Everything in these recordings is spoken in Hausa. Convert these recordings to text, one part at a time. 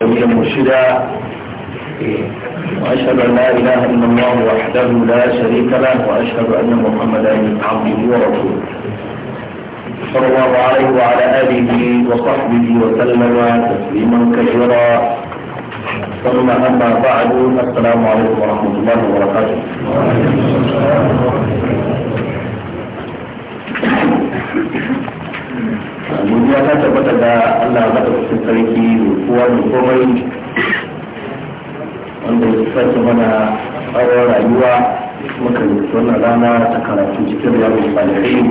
سبيلا مرشدا وأشهد أن لا إله إلا الله وحده لا شريك له وأشهد أن محمدا عبده ورسوله صلى الله عليه وعلى آله وصحبه وسلم تسليما كثيرا ثم أما بعد السلام عليكم ورحمة الله وبركاته Mujia ta tabbata da Allah sun sarki kowa mai komai wanda ya sake mana tsawon rayuwa muka yi wannan rana ta karatu cikin yawon salihin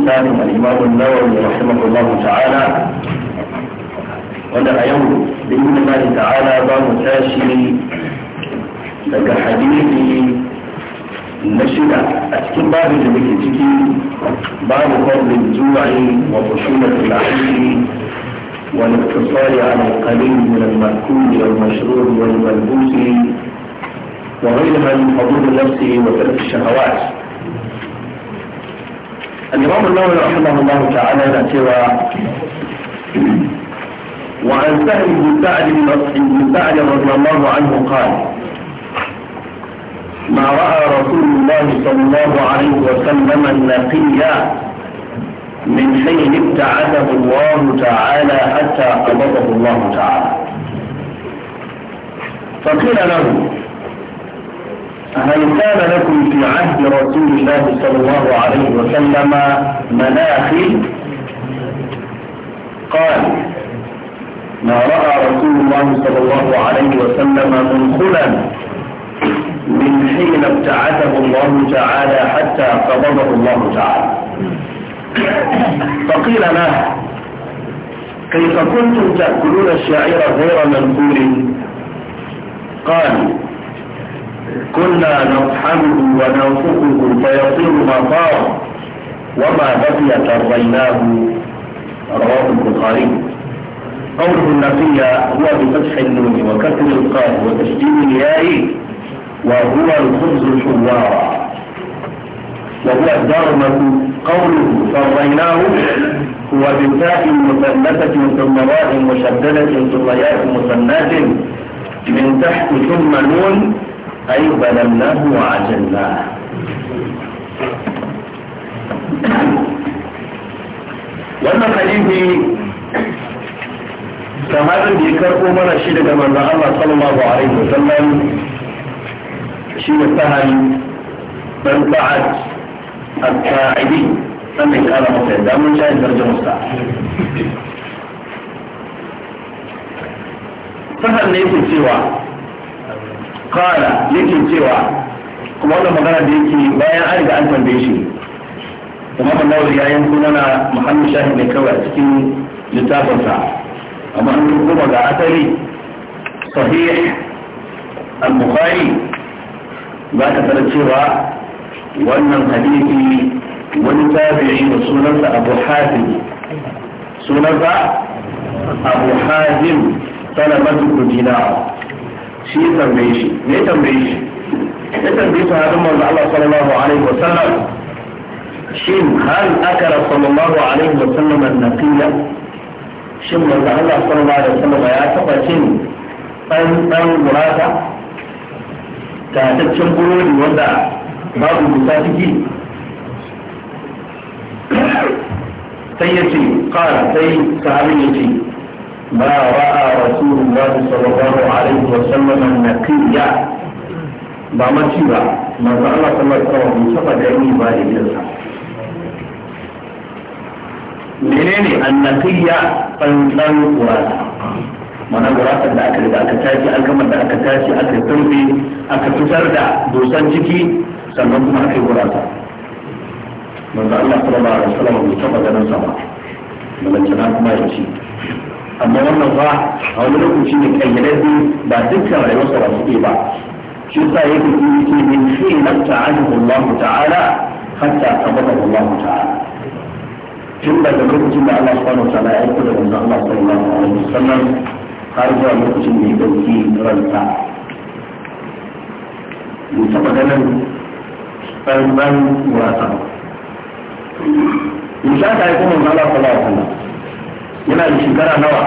misalin al'imamun nawawi rahimahullahu ta'ala wanda a yau da yi mana ta'ala za mu tashi daga hadisi na shida a cikin babin da muke ciki babu kwallon zuwa wa fushunar lahiri والاقتصار على القليل من المأكول والمشروب والملبوس وغيرها من حضور النفس وترك الشهوات الإمام النووي رحمه الله تعالى ذكر وعن سهل بن سعد بن سعد رضي الله عنه قال ما رأى رسول الله صلى الله عليه وسلم النقي من حين ابتعده الله تعالى حتى قبضه الله تعالى فقيل له هل كان لكم في عهد رسول الله صلى الله عليه وسلم مناخي قال ما رأى رسول الله صلى الله عليه وسلم منخلا من حين ابتعده الله تعالى حتى قبضه الله تعالى فقيل له كيف كنتم تأكلون الشعير غير منكور قال كنا نطحنه وننفقه فيصير مطار وما بقي ترضيناه رواه البخاري قوله النقي هو بفتح النون وكسر القاف وتشديد الياء وهو الخبز الحوار وهو درمة قوله فريناه هو بالتاء مثلثة ثم راء مشددة ثم ياء مثنات من تحت ثم نون أي بلمناه وعجلناه وما حديثي كما ذكر عمر الشيخ كما ان الله صلى الله عليه وسلم شيء التهل من بعد التائبي sannan ya kara masa yadda mun shayar darjamarsa sahar ne yake cewa kala yake cewa kuma wannan magana da yake bayan an riga an tambaye shi kuma ban dawo ya yanku sunana muhammad shahid ne kawai a cikin littafinsa amma an kuma ga asali sahih al-bukhari ba ta tsara cewa wannan hadisi wani tabi'i da sunansa abu hatim sunansa abu hatim salamatu kujina shi tambaye shi ne tambaye shi ya tambaye shi hadin manzo Allah sallallahu alaihi wa sallam shin hal akara sallallahu alaihi wa sallam an-naqiya shin manzo Allah sallallahu alaihi wa sallam ya taba cin dan dan ta tataccen burodi wanda babu gusa ciki sai ya ce kara sai sahabi ya ce ba ra'a rasulullah sallallahu alaihi wa sallam naqiya ba mace ba manzo Allah sallallahu alaihi wa sallam bai taba gani ba da jinsa menene annaqiya tsantsan kurata mana gurasar da aka riga aka tashi alkamar da aka tashi aka tarbe aka fitar da dosan ciki sannan kuma ake yi wurata manzo Allah sallallahu alaihi wasallam bai taba ganin sa ba balantana kuma ya ce amma wannan ba a wani lokaci ne kayyadadde ba dukkan rayuwarsa ba suke ba shi sa yake yi ce min fi nafta anhu Allah ta'ala hatta tabata Allah ta'ala tun daga lokacin da Allah subhanahu wa ta'ala ya aiko da manzo Allah sallallahu alaihi wasallam har zuwa lokacin da ya dauki ranta mu taba ganin tsantsan wasa Musa ta yi kuma zala kula kuma yana da shekara nawa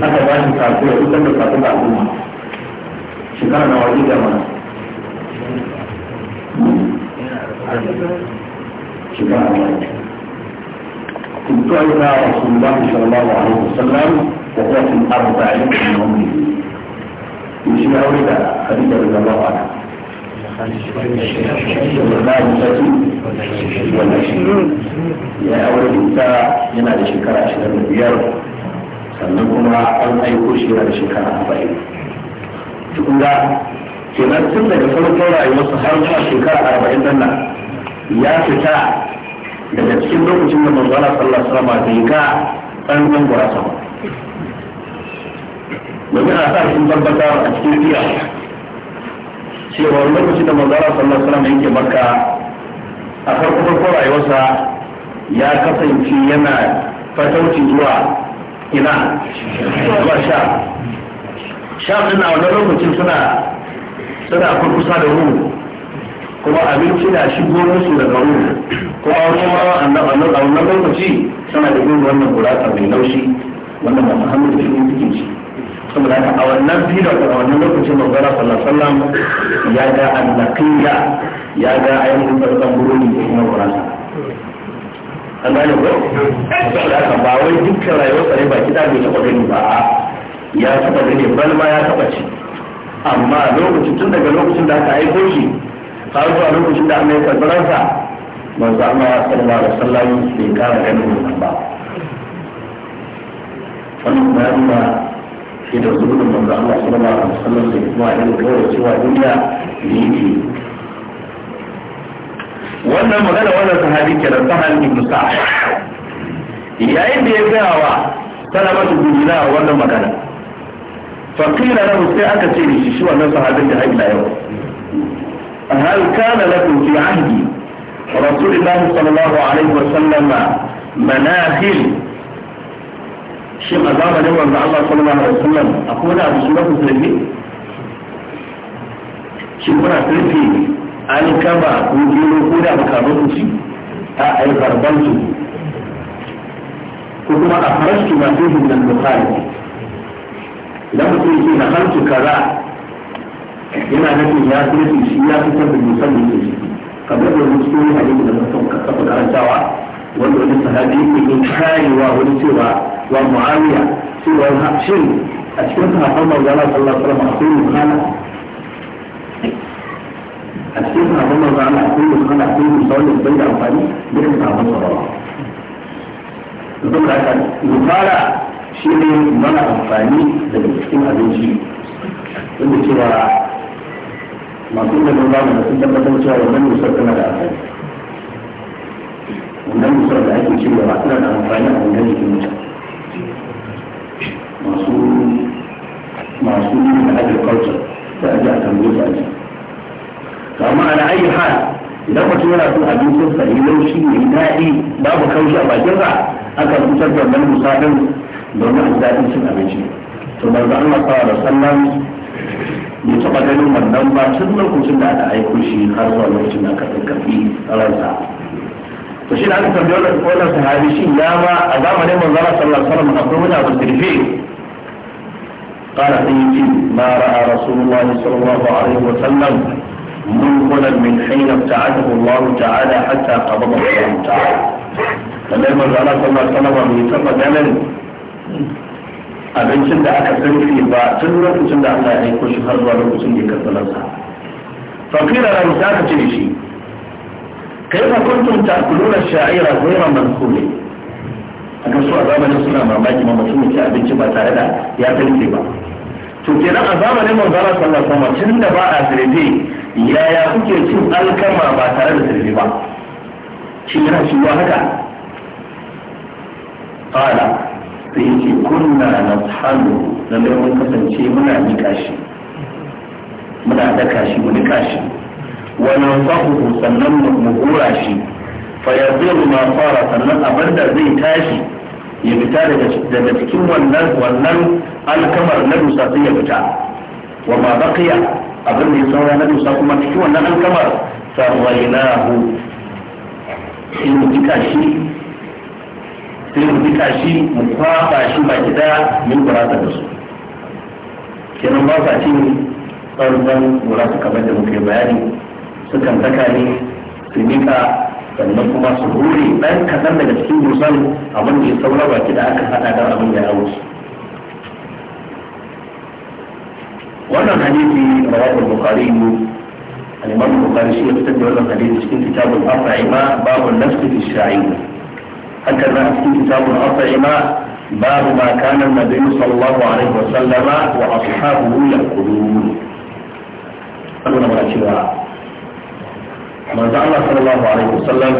aka ba shi kafin ya fitar da kafin da al'umma shekara nawa zai gama shekara nawa كنت أولى رسول الله صلى الله عليه وسلم وهو في الأربعين من عمره. يجي أولى حديث رضي الله ya aure da yana da shekara ashirin da biyar sannan kuma an aiko shi yana da shekara arba'in tukun ga kenan tun daga farkon rayuwarsa har zuwa shekara arba'in nan ya fita daga cikin lokacin da manzana sallallahu alaihi wasallam bai ga tsananin gurasa ba domin a sa sun tabbatar a cikin iya cewa lokacin da manzara sallallahu alaihi wasallam yake makka a farko farko rayuwarsa ya kasance yana fatauci zuwa ina zuwa sha sha suna wani lokacin suna suna kurkusa da ruhu kuma abinci na shigo musu daga ruhu kuma wani ruwa a wannan lokaci suna da gudu wannan gurasa mai laushi wannan masu hannun da shi suke ci saboda haka a wannan filon a wannan lokacin manzara sallallahu sallam ya ga annaqiya ya ga ainihin farkon burodi da kuma wurasa an gane ko saboda haka ba wai dukkan rayuwar sare ne ba kida bai taba gani ba ya taba gani balma ya taba ci amma lokacin tun daga lokacin da aka aiko shi har zuwa lokacin da Allah ya karɓi ransa manzo Allah sallallahu alaihi wasallam bai kara ganin wannan ba wannan bayan sai da wasu gudun manzo Allah sallallahu alaihi wasallam da kuma irin gore cewa duniya ne yake wannan magana wannan sahabi kenan sahal ibn sa'ad yayin da ya gaya wa salamatu duniya wannan magana فقيل له سيأتى تيري شو أن صحابي هاي يوم هل كان لكم في عهد رسول الله صلى الله عليه وسلم مناخل Shin a zamanin wanda Allah sallallahu alaihi wasallam akwai wani abu shi ku sirri Shin kuna sirri an kama ko gero ko da makamai ku ci a ai barban su ko kuma a farashi ma sai hin nan bukhari idan mutum yake na hantu kaza yana nufin ya sirri shi ya fitar da musamman ke shi kamar da wasu ne hadisi da mutum ka kafa karantawa wanda wani sahabi yake karewa wani cewa wa muawiya cewa shin a cikin sahabban manzo sallallahu alaihi wasallam akwai mukhala a cikin sahabban manzo akwai mukhala akwai misalin bai da amfani da sahabban sallallahu saboda da mukhala shi ne mana amfani daga cikin abinci wanda cewa masu da zama da sun tabbatar cewa wannan musar tana da amfani wannan musamman da ake cewa ba suna da amfani a wannan jikin mutum masu masu da agriculture da aji a tambaye su aji to amma ala ayi hal idan mutum yana son abincin sa yi laushi mai daɗi babu kaushi a bakin sa aka fitar da wannan musadin domin a daɗin cin abinci to manzo Allah sallallahu da wasallam ya taɓa ganin wannan ba tun lokacin da aka aiko shi har zuwa lokacin da aka karɓi ransa to shi da aka tambaye wannan wannan sahabi shi dama a zamanin manzara sallallahu alaihi wasallam akwai wani abu sirfe قال سيدي ما رأى رسول الله صلى الله عليه وسلم منقلا من حين ابتعده الله تعالى حتى قبضه الله تعالى lallai manzo Allah sallallahu alaihi wasallam bai taba ganin abincin da aka sarfi ba tun lokacin da Allah ya aiko shi har zuwa lokacin da ya karɓi lansa fa kila ran ta ce shi kaifa kuntum ta'kuluna sha'ira ghayra mansuli aka so a zamani suna mamaki ma mutum ya ci abinci ba tare da ya kalke ba to kenan a zamanin manzara sallallahu alaihi wasallam tunda ba a sirri yaya kuke cin alkama ba tare da sirri ba shi yana cewa haka qala sai yake kunna nashalu lalle mun kasance muna nika shi muna daka shi mu nika wa nansahu sannan mu gura shi fa yaziru ma fara sannan abinda zai tashi ya fita daga cikin wannan wannan alkamar na dusa sai ya fita wa ma baqiya abin na kuma cikin wannan alkamar sai mu jika shi mu jika shi mu kwafa shi daya mun gurata da su kenan ba sa cin tsarnan gurata kamar da muke bayani sukan saka ne su nika sannan kuma su hure ɗan kaɗan daga cikin musan abin da ya saura baki da aka haɗa don abin da ya wuce wannan hadisi rawahul bukhari al-imam bukari shi ya fitar da wannan hadisi cikin kitabul afa'ima babu nafsi fi sha'ir haka na cikin kitabul afa'ima باب ما كان النبي صلى الله عليه وسلم واصحابه ياكلون. أنا ما manzo Allah sallallahu alaihi wasallam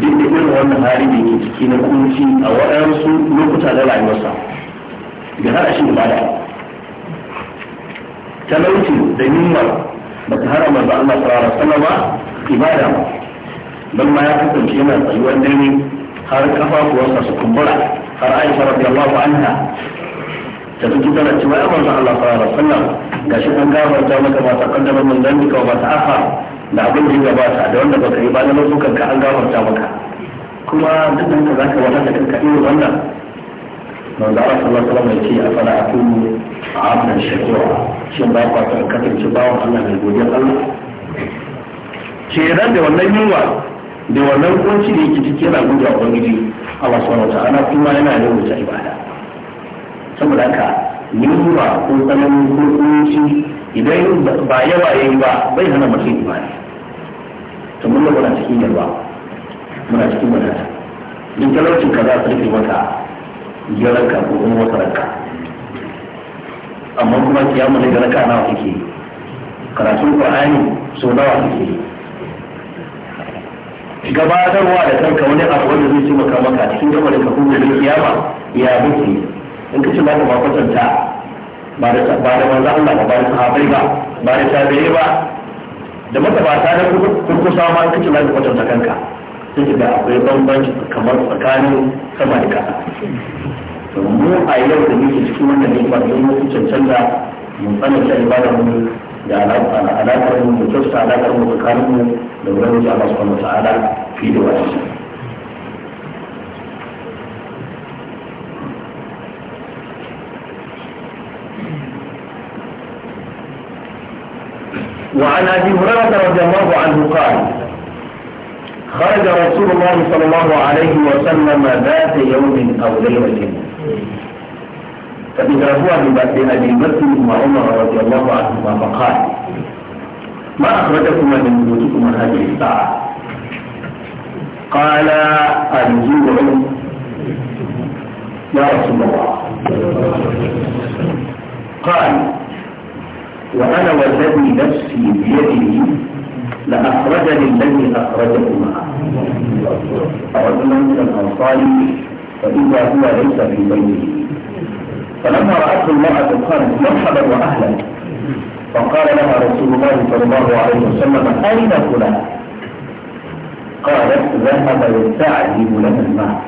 duk da irin wannan hali da ke ciki na kunci a waɗansu lokuta da rayuwarsa da har shi ibada talauci da yunwa ba ta hana manzo Allah sallallahu alaihi wasallam ibada ba don ma ya kasance yana tsayuwar dare har kafafuwarsa su kumbura har Aisha radiyallahu anha ta fito tana cewa ya manzo Allah sallallahu alaihi wasallam gashi an gafarta maka ba ta kaddara mun dan ka ba ta afa da abin da ya gabata da wanda baka yi ba na lokutan ka an gafarta maka kuma duk da zaka wata da kanka irin wannan manzo Allah sallallahu alaihi wasallam ya ce afala akunu abdan shakura shin ba ka kasance bawon Allah mai godiyar Allah kenan da wannan yunwa da wannan kunci da yake ciki yana gudu a ubangiji Allah subhanahu wa ta'ala kuma yana da wuce ibada saboda haka yunwa ko tsananin ko kunci idan ba yawa yayi ba bai hana mutum imani to mun muna cikin yalwa muna cikin wadata duk talaucin ka za a rufe maka yaranka ko kuma wata ranka amma kuma kiyamu ne ga raka nawa kake karatun qur'ani so nawa kake gabatarwa da kanka wani abu wanda zai ci maka cikin gaba da kafin da kiyama ya mutu in ka ce ba ka ba kwatanta ba da manzo Allah ba ba da sahabai ba ba da tabi'i ba da matabata na kurkusa ma in ka ce ba ka kwatanta kanka sai da akwai bambanci kamar tsakanin sama da kasa to mu a yau da muke cikin wannan ne ba don mu cancanta mu tsananta ibada mu da alaƙar mu da kyauta alaƙar mu tsakanin mu da wurin jama'a su wa ta'ala fi da wasu وعن أبي هريرة رضي الله عنه قال خرج رسول الله صلى الله عليه وسلم ذات يوم أو ليلة فإذا هو بأبي بكر وعمر رضي الله عنهما فقال ما أخرجكما من بيوتكما هذه الساعة قال الجوع يا رسول الله قال وأنا والذي نفسي بيده لأخرجني الذي أخرجه معه رجلا من الأنصار فإذا هو ليس في بيته فلما رأته المرأة قالت مرحبا وأهلا فقال لها رسول الله صلى الله عليه وسلم أين فلان؟ قالت ذهب يستعجب لنا الماء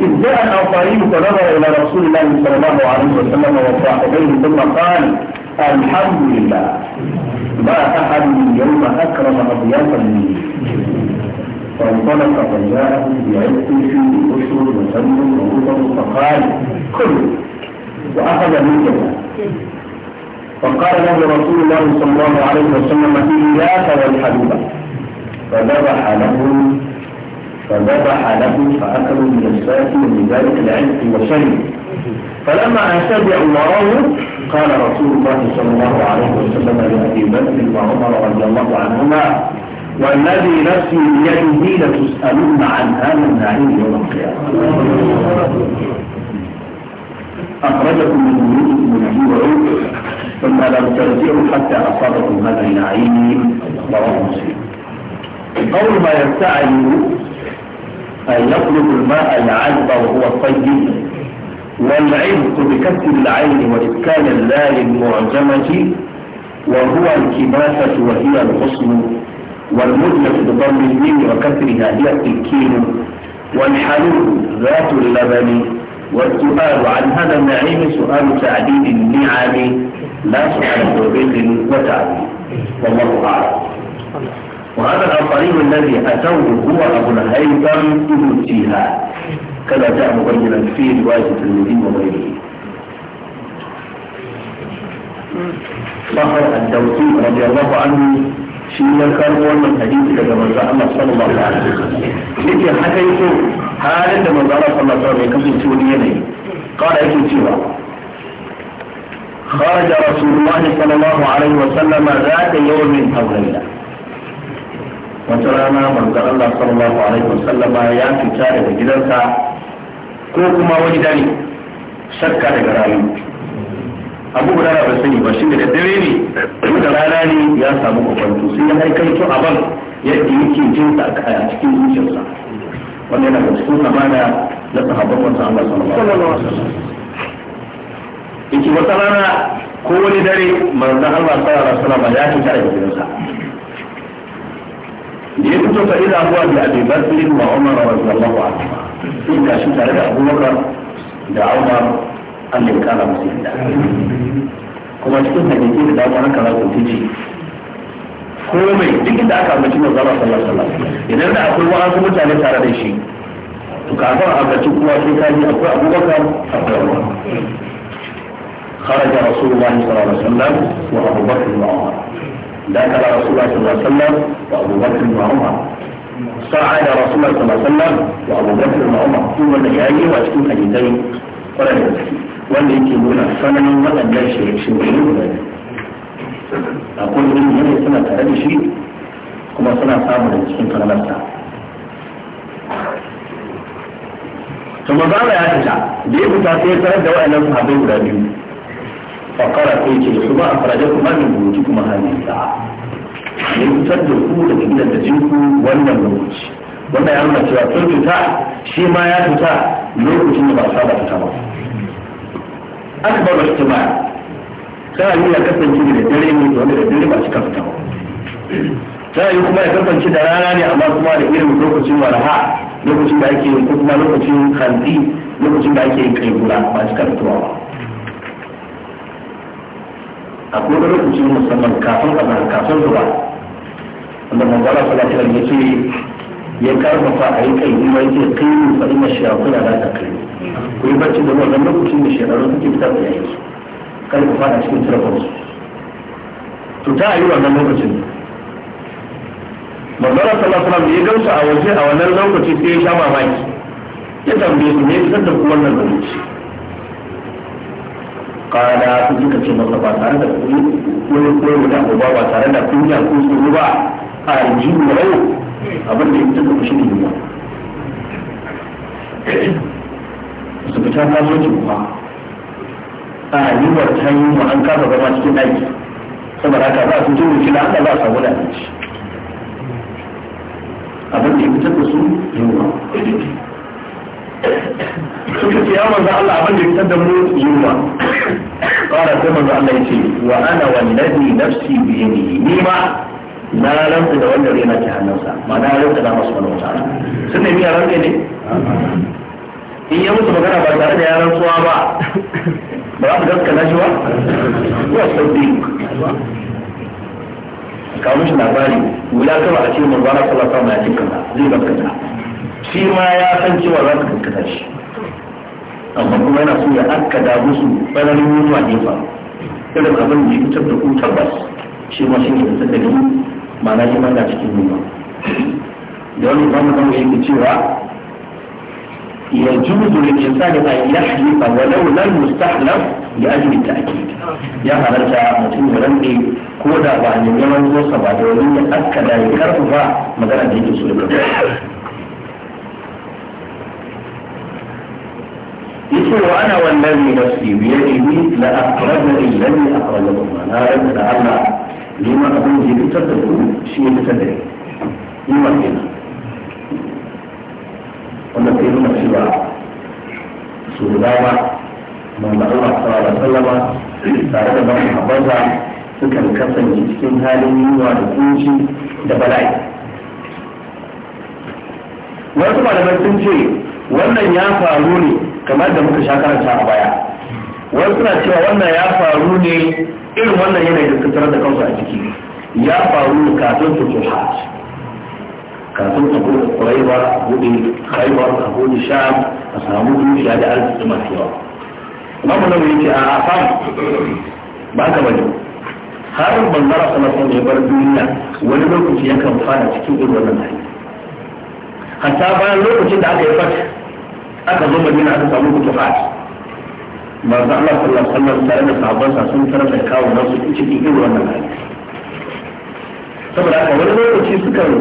إذ جاء الأنصاري فنظر إلى رسول الله صلى الله عليه وسلم وصاحبيه ثم قال الحمد لله ما أحد اليوم أكرم مضيافا لي فانطلق فجاءه بعزه في بشر وسلم وغضب فقال كل وأخذ من جبل فقال له رسول الله صلى الله عليه وسلم إياك والحبيبة فذبح له فذبح له فأكلوا من الساس لذلك العلق وشرب فلما أن وراه قال رسول الله صلى الله عليه وسلم لأبي بكر وعمر رضي الله عنهما والذي نفسي بيده لتسألون عن هذا النعيم يوم القيامة أخرجكم من بيوتكم الجوع ثم لم ترجعوا حتى أصابكم هذا النعيم رواه مسلم قول ما يفتعل أن يطلب الماء العذب وهو الطيب والعذب بكسر العين وإسكان اللال المعجمة وهو الكباسة وهي الغصن والمدلة بضم الميم وكسرها هي التكين والحلول ذات اللبن والسؤال عن هذا النعيم سؤال تعديد النعم لا سؤال توبيخ وتعديد والله أعلم وهذا الطريق الذي أتوه هو أبو الهيثم ابن سيها كما جاء مبينا في رواية المدين وغيره صحر الدوسي رضي الله عنه شيء كان هو من حديث كذا من صلى الله عليه وسلم لكي حكيت حالا من صلى الله عليه وسلم يكفي سوريين قال ايه سوى خرج رسول الله صلى الله عليه وسلم ذات يوم او ليله wata rana manzo Allah sallallahu alaihi wasallama ya fita daga gidansa ko kuma wani dare shakka daga rayu abu guda ba sani ba shi da dare ne da rana ne ya samu kwakwanto sai ya haikaito abin yadda yake jin sa a cikin zuciyarsa wanda yana da cikin amana na sahabban wansa Allah sallallahu alaihi wasallam yake wata rana ko wani dare manzo Allah sallallahu alaihi wasallama ya fita daga gidansa ya fa ina huwa bi abi bakr wa umar radiyallahu anhu sai ga shi tare da abubakar da umar Allah ya kara musu da kuma cikin hadisi da dama haka za ku fice komai duk inda aka ambaci manzo Allah sallallahu alaihi idan da akwai wa'azu mutane tare da shi to kafin a ambaci kuma sai ka ji akwai abubakar akwai umar خرج رسول الله صلى الله عليه وسلم وابو بكر دخل رسول الله صلى الله عليه وسلم وابو بكر وعمر صعد رسول الله صلى الله عليه وسلم وابو بكر وعمر ثم الليالي واسكن اليدين ولا والذين الثمن ولا الجيش يكسبون أقول إن هذه السنة هذه شيء كما صنع صعب للسنة كما نفسها ثم ظهر يا عزيزة ليه كنت أعطيه ثلاث دواء نفسها بيه ولا بيه fakara ko yake su ba a farajar kuma min buruki kuma hannun sa ya fitar da ku da gidan da jinku wannan lokaci wannan ya nuna cewa sun fita shi ma ya fita lokacin da ba sa ba fita ba akbar istima ta yi ya kasance da dare ne wanda da dare ba su fita ba ta yi kuma ya kasance da rana ne amma kuma da irin lokacin walaha lokacin da ake yin kuma lokacin kanti lokacin da ake yin kaigula ba su fitowa ba akwai wani lokacin musamman kafin azan kafin zuwa wanda manzara sallallahu ya ce ya karfafa a yi kai kuma ya ce kai mu fa ina akwai da ta kai ku yi bacci da wannan lokacin da shekaru suke fitar da yayin su kar ku fara cikin tarkon su to ta yi wannan lokacin manzara sallallahu alaihi ya gamsu a waje a wannan lokacin sai ya sha mamaki ya tambaye su me fitar da ku wannan lokaci kada su duka ce masa ba tare da kuɗi ko koyo da abubuwa ba tare da kunya ko tsoro ba a aljihu rau abin da ya fi taɓa shi ne yunwa su fita ta zo kuma a yiwuwar ta yi mu an kasa zama cikin aiki saboda haka za su je wuce da Allah za a samu da abinci abin da ya fi taɓa su suka ce ya manzo Allah abin da fitar da mu yunwa ƙara sai manzo Allah ya ce wa ana wallazi nafsi bi yadihi ni ma na ranta da wanda rai na ke hannunsa ma na ranta da masu wani wata ala ne miya yaran ne in ya musu magana ba tare da yaran suwa ba ba za su gaska na shi ba wa biyu kawo mishi labari wula kawai a cikin manzo Allah sallallahu alaihi wasallam ya cikin zai gaskata shi ma ya san cewa za su kankata shi amma kuma yana so ya akkada musu tsananin mutuwa ne fa irin abin da shi fitar da ku tabbas shi ma shi ne da suka yi ma'ana shi ma na cikin nuna da wani ba mu zama yake cewa يجوز للإنسان أن nan ولو ya ajiye ta ake Ya halarta mutum ya rantse ko da ba a neman zuwa ba da wani ya akkada ya karfafa magana da yake so da yace wa ana wallahi nafsi bi yadihi la akhrajna alladhi akhrajahu na rabbi da Allah lima abin da yake tsada ku shi yake tsada ni wannan sai nuna cewa su da dama manzo Allah sallallahu alaihi wasallama tare da ban cikin halin yunwa da da bala'i wasu malamai sun ce wannan ya faru ne kamar da muka sha karanta a baya wani suna cewa wannan ya faru ne irin wannan yanayi da suka da kansu a ciki ya faru ne kafin su ke kafin su kuma kuraiba a buɗe haibar a buɗe sham a samu dukiya da arziki masu yawa imamu nan yake a asam ba ka bane har banzara sama sun ya bar duniya wani lokaci yakan fara cikin irin wannan hali hatta bayan lokacin da aka yi fata aka zo madina aka samu kutufat manzo Allah sallallahu alaihi wasallam tare da sahabbansa sun tarar da kawo nasu cikin irin wannan hali saboda haka wani lokaci sukan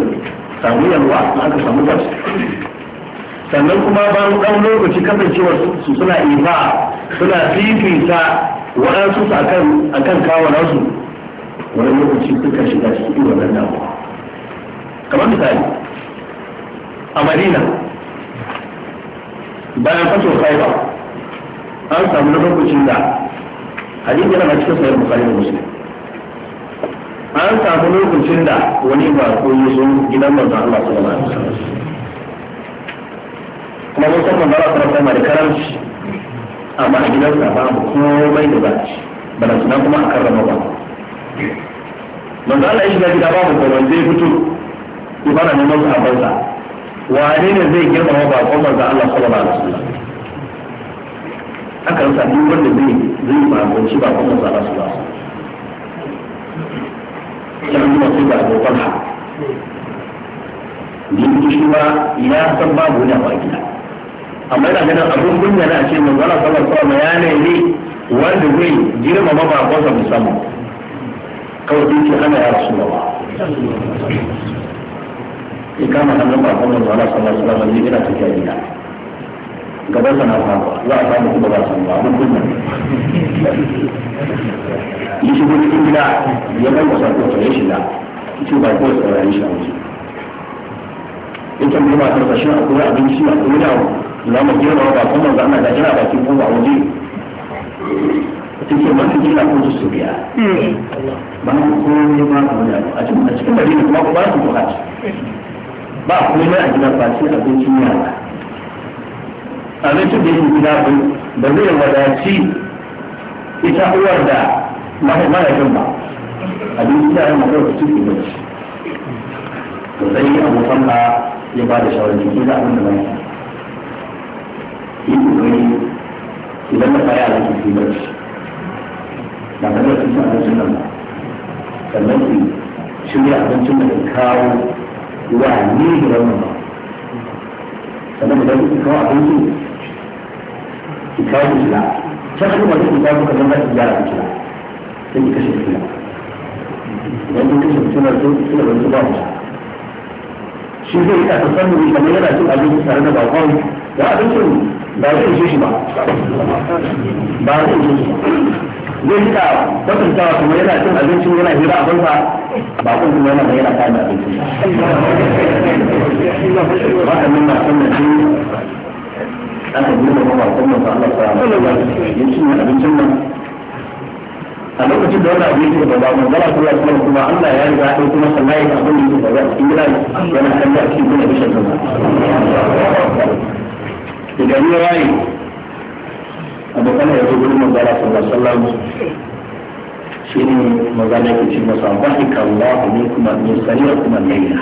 samu yalwa aka samu bas sannan kuma bayan ɗan lokaci kasancewar su suna ifa suna fifita waɗansu su akan akan kawo nasu wani lokaci suka shiga cikin wannan damuwa kamar misali a madina bayan fato faiba an samu na lokacin da hadisi yana cikin sayar bukari da muslim an samu lokacin da wani ba ko yi sun gidan manzo Allah sallallahu alaihi kuma mun san manzo Allah sallallahu alaihi da karanci amma a gidansa ba komai da ba ci bana suna kuma a karrama ba manzo Allah ya shiga gida mu komai zai fito ne fara neman bansa. wane ne zai ba bakon manzon Allah sallallahu alaihi wasallam aka rasa duk wanda zai zai ba bakon manzon Allah sallallahu alaihi wasallam sai yi sai ga abokan ha din shi ma ya san babu wani a gida amma ina ganin abun kunya na a ce manzon Allah sallallahu alaihi wasallam ya ne wanda zai girma ba girmama bakonsa musamman kawai duk ana ya rasu ba sai kama hannun bakon da zuwa sallallahu alaihi wasallam zai gina tafiya gida gaban sana faruwa za a samu kuma ba su ba abin kunna yi shigo cikin gida ya kai wasa ko tsaye shi da shi ba ko tsaye shi a wuce ita mai ba ta sashen akwai abinci a duniya za mu girma ba kuma za ana da ba bakin kuma a cikin take masu jira ko su biya hmm. ba ne ba da a cikin kuma ba su ba kuma a gida ba shi abincin yara abincin da yake gida ba zai wadaci ita uwar da mahaifin ba abincin yaran na ɗauka ciki ba ce to yi abokan ba ya ba da shawarar jiki da abin da ba yi kokari idan da kaya da cikin ba na ba cikin abincin nan ba sannan su shirya abincin da kawo wa ne da wannan ba sannan da kuka kawo abinci ki kawo ku kila ta kuma ba ku kawo kaman ba ki gyara ku kila sai ki kashe kila idan kun kashe kila to kila ba ku ba ku shi zai yi ka tsammani kamar yana cin abinci tare da bakon da abincin ba zai yi shi ba ba zai yi shi ba zai rika kwatantawa kuma yana cin abincin yana hira abin ba? ba kun kuma yana yana kada abinci waɗannan masu da shi aka kuma ba bakon masu Allah sa ya ci abincin nan a lokacin da wani abinci da ba mu zara kula kuma kuma Allah ya riga ya kuma sallai ka abin da ba cikin gida yana kalla cikin kuma bishan zama idan ya rayu abokan ya zo gurin manzara sallallahu alaihi wasallam shi maza magana ke ce masa bahika Allah ne kuma ne sarira kuma laila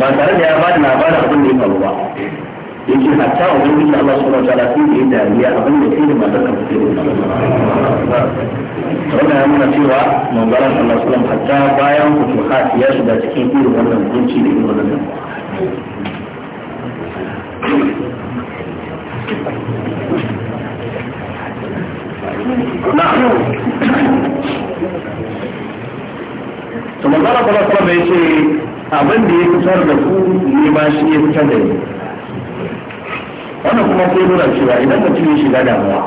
ba tare da ya ba da labarin abin da ya faru ba yake hatta ubangiji Allah subhanahu wa ta'ala sai da ya dariya abin da kai da matar ka take da to da ya nuna cewa manzaran Allah sallallahu alaihi hatta bayan futuhat ya shiga cikin irin wannan hukunci da irin wannan Thank you. to manzara kuma kuma ya ce abin da ya fitar da ku ne ma shi ya fitar wannan kuma sai nuna cewa idan mutum ya shiga damuwa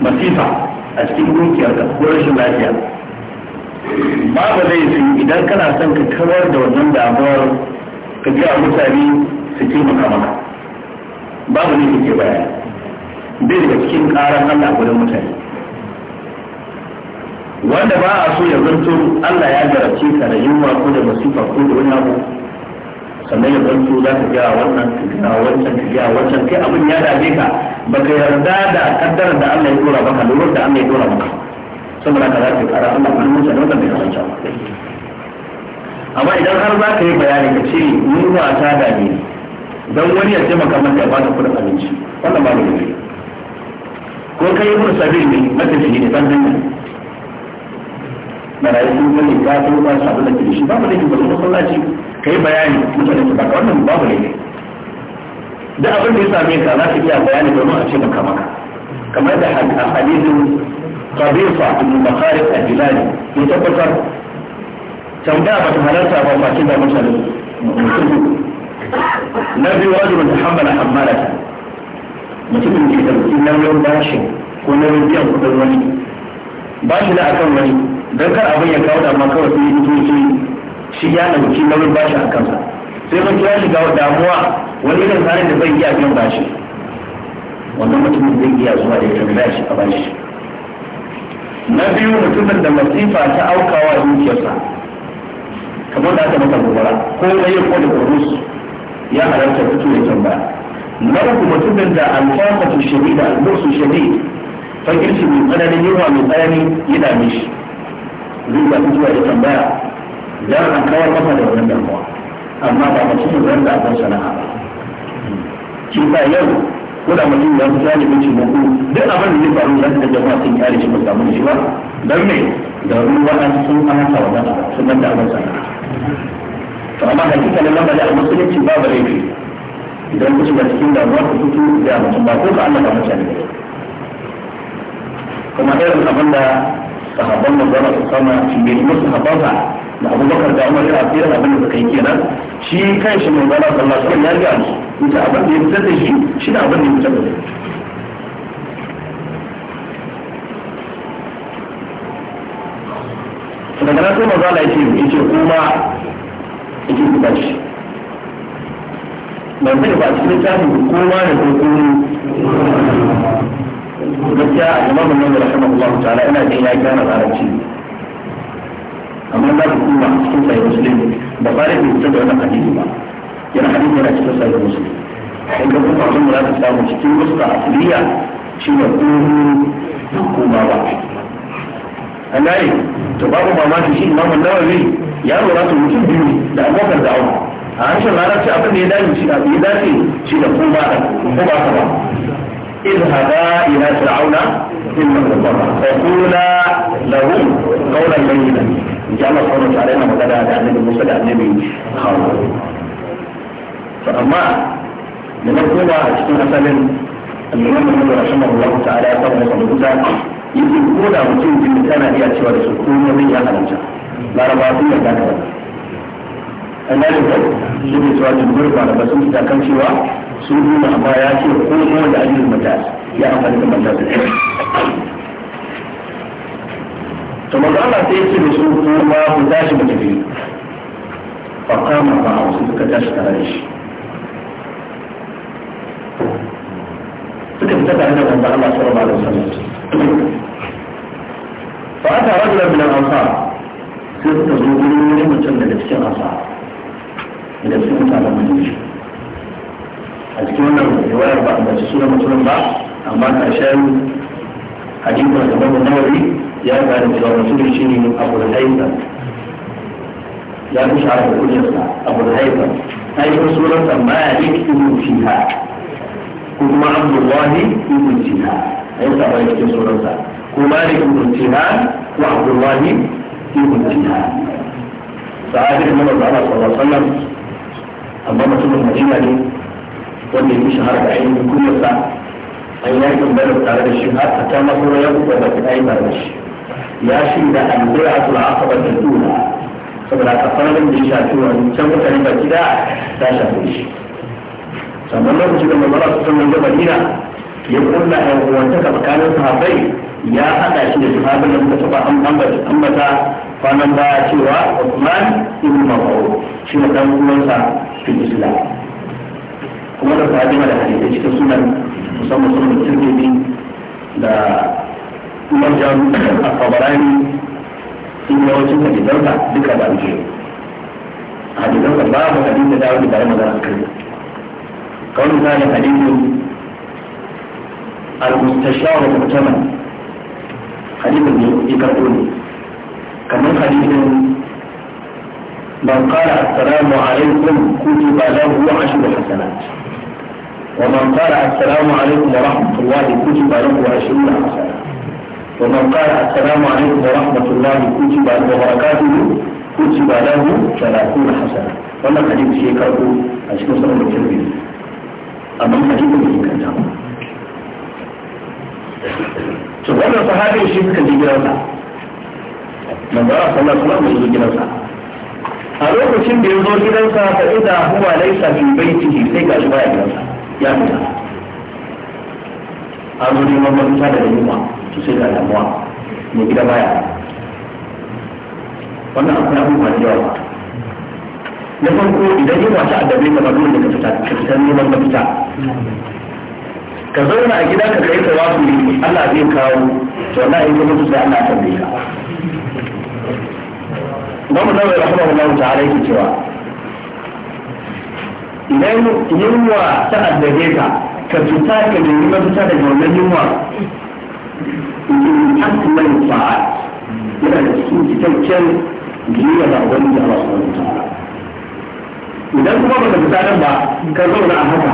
masifa a cikin dukiyarka ko rashin lafiya babu laifi idan kana son ka kawar da wannan damuwar ka biya mutane su taimaka maka babu laifi ke baya. bin da cikin karan Allah gudun mutane wanda ba a so ya zanto Allah ya garace ka da yunwa ko da masifa ko da wani abu sannan ya zanto za ka gaya wannan ka wancan ka wancan kai abin ya dame ka ba ka yarda da kaddarar da Allah ya dora maka lura da Allah ya dora maka saboda ka za ka kara Allah wani mutane wanda bai kasance ba amma idan har za ka yi bayani ka ce yunwa ta dame don wani ya taimaka maka ya bata kudin abinci wannan ba da ko kai ibn sabir ne matafi ne ban nan malaiku ne ka so ba sabu da kirishi ba malaiku ba masallaci kai bayani mutane su baka wannan babu ne da abin da ya same ka za ka iya bayani domin a ce maka maka kamar da hadisin qabisa ibn bakharif al-jilani ya tabbatar tambaya ba ta halarta ba ba ce da mutane na biyu rajulun hammala hammalata mutumin da ya ɗauki nauyin bashi ko nauyin biyan kuɗin wani bashi na akan wani don kar abin ya kawo damuwa kawai sai ya fito shi ya ɗauki nauyin bashi a kansa sai mun shi shiga damuwa wani irin halin da bai iya biyan bashi wannan mutumin zai iya zuwa da ya tambaya shi a bashi na biyu mutumin da masifa ta aukawa zuciyarsa kamar da aka maka gobara ko ɗaya ko da ya halarta fito ya tambaya na uku mutumin da al-mafatu shadida al-bursu shadid fakirci mai tsananin yawa mai tsanani yana dame shi zai ba zuwa da tambaya dan an kawar masa da wannan damuwa amma ba mutum zan da abin sana'a ba shi sa yau ko da mutum ya fita ne mace muku duk abin da zai faru zan da jama'a sun kare shi ba samu da shi ba dan me da ruwa an sun sa hana wannan sun da abin sana'a to amma hakika na lamba da musulunci babu laifi idan ku shiga cikin damuwa ku fito da mutum ba ko ka Allah ba mutane kuma irin abin da sahabban da zama su sama bai yi musu haɓaka da abubakar da umar a tsira abin da suka yi kenan shi kan shi mai zama sallah sun ya ga su ita abin da ya fitar da shi shi da abin da ya fitar da shi daga nan sai mazala ya ce ya ce kuma ya ce ku ba shi ban zai ba cikin tafin kowa da kokoni gaskiya a jama'a mun nan rahimahullahu ta'ala ina jin ya gane larabci amma na hukuma cikin sahih muslim ba fara bin ta da wannan hadisi ba yana hadisi yana cikin sahih muslim in ka kuma sun za ta samu cikin muska asliya shine ko hukuma ba an gane to babu mamaki shi imamu nawawi ya lura su mutum biyu da abokan da'awa a harshen larabci abin da ya dace shi abu da dace shi da kuma da. ba ko ba ka ba in hada ila fir'auna in ma ba fa qula lahu qawlan layyinan in ja Allah sauran tare na magana da annabi Musa da annabi Hawwa To amma da na kuma a cikin asalin annabi Muhammad rahimahu Allah ta'ala ya tabbata da kuma yin koda mutum din kana iya cewa da su ko mun ya halanta larabawa sun da ka ba amma da kai shi ne cewa da gurba da basu da kan cewa su nuna amma ya ce ko mu da ajin mata ya amfani da mata su to manzo Allah sai ya ce da su kuma ku tashi mu tafi fa kama ba su suka tashi tare da shi suka fita tare da manzo Allah sallallahu alaihi wasallam fa ata rajulan min al-ansar sai suka zo wurin wani mutum daga cikin amsa. إذا سنة تعلم أذكرنا رواية بعد سورة مسلم بعد أما أشار حديث الإمام النووي يا بعد سورة مسلم شيء أبو الهيثم يا مش على كل أبو الهيثم أي سورة ما يكتب فيها كما عبد الله يكتب فيها أي سورة يكتب سورة كما يكتب فيها وعبد الله يكتب فيها فهذه المرة الله صلى الله عليه وسلم amma mutumin madina ne wanda yake shahara da ainihin kuyarsa a yi aikin barin tare da shi har a ta masu ya kuka da kuka yi da shi ya shi da tura aka la'akabar da tura saboda ka fara da ya a wani can mutane ba gida ta shafi shi sannan lokacin da mazara su san wanda madina ya kulla ta kafa tsakanin sahabbai ya hada shi da sahabin da suka taba ambata kwanan baya cewa Uthman ibn Mas'ud shi ne dan uwansa cikin Islam kuma da sahabin da hadisi cikin sunan musamman sunan Tirmidhi da Jami Al-Tabarani sun yawancin hadisansa duka da ake hadisansa mu hadisi da wani tare magana kai kawai misalin hadisi al-mustashar al hadisin ne ya karɓo ne kamar hadisin man qala assalamu alaikum kutiba lahu ashru hasanat wa man qala assalamu alaikum wa rahmatullahi kutiba lahu ashru hasanat wa man qala assalamu alaikum wa rahmatullahi kutiba lahu barakatuhu kutiba lahu 30 hasanat wannan hadisi ya karɓo a cikin sunan da kirbi amma hadisi ne kan ta to wannan sahabin shi suka je gidansa manzo Allah sallallahu alaihi wasallam gidansa a lokacin da ya zo gidansa fa idza huwa laysa fi baitihi sai ga shi baya gidansa ya fita a zo neman mafita da yunwa to sai ga damuwa mai gida baya wannan akwai abubuwa da yawa na farko idan yunwa ta addabe ka ba dole ka fita ka fita neman mafita ka zauna a gida ka kai tawafi Allah zai kawo to na in kuma mutu sai Allah ta ya tambaye ka Imam Allah ta ta'ala yake cewa idan yunwa ta addabe ka ka fita ka nemi mafita daga wannan yunwa in kuma asman fa'a yana da cikin cikakken biyayya da ubangiji Allah subhanahu wa idan kuma baka fita nan ba ka zauna a haka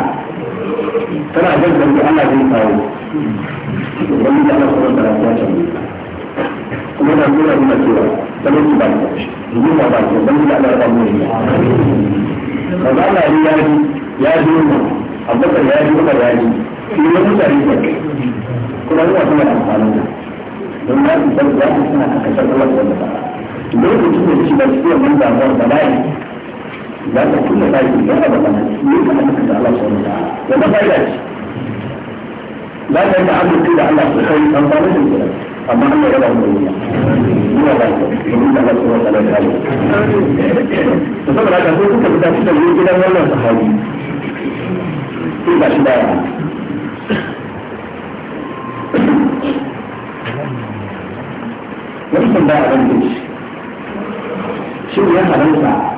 tana jan zanzu ana jin kawo wani da ana kuma da rafiya can kuma da nuna nuna cewa sanin su ba ne domin ba ba ne zanzu da ana rafa mu ba za a yi yaji yaji mu abubakar yaji umar yaji shi ne mutane ba kuma ina suna amfani da don ba su san za suna a kasar kuma da wanda ba lokacin da shi ba su yi mun damuwar bala'i da ka tuna da ba kuma da Allah subhanahu wa ta'ala da shi da Allah da Allah su kai ba da shi amma ina in da Allah subhanahu wa ta'ala to saboda kuka fita cikin gidan wannan sahabi shi da wani a ɗan shi ya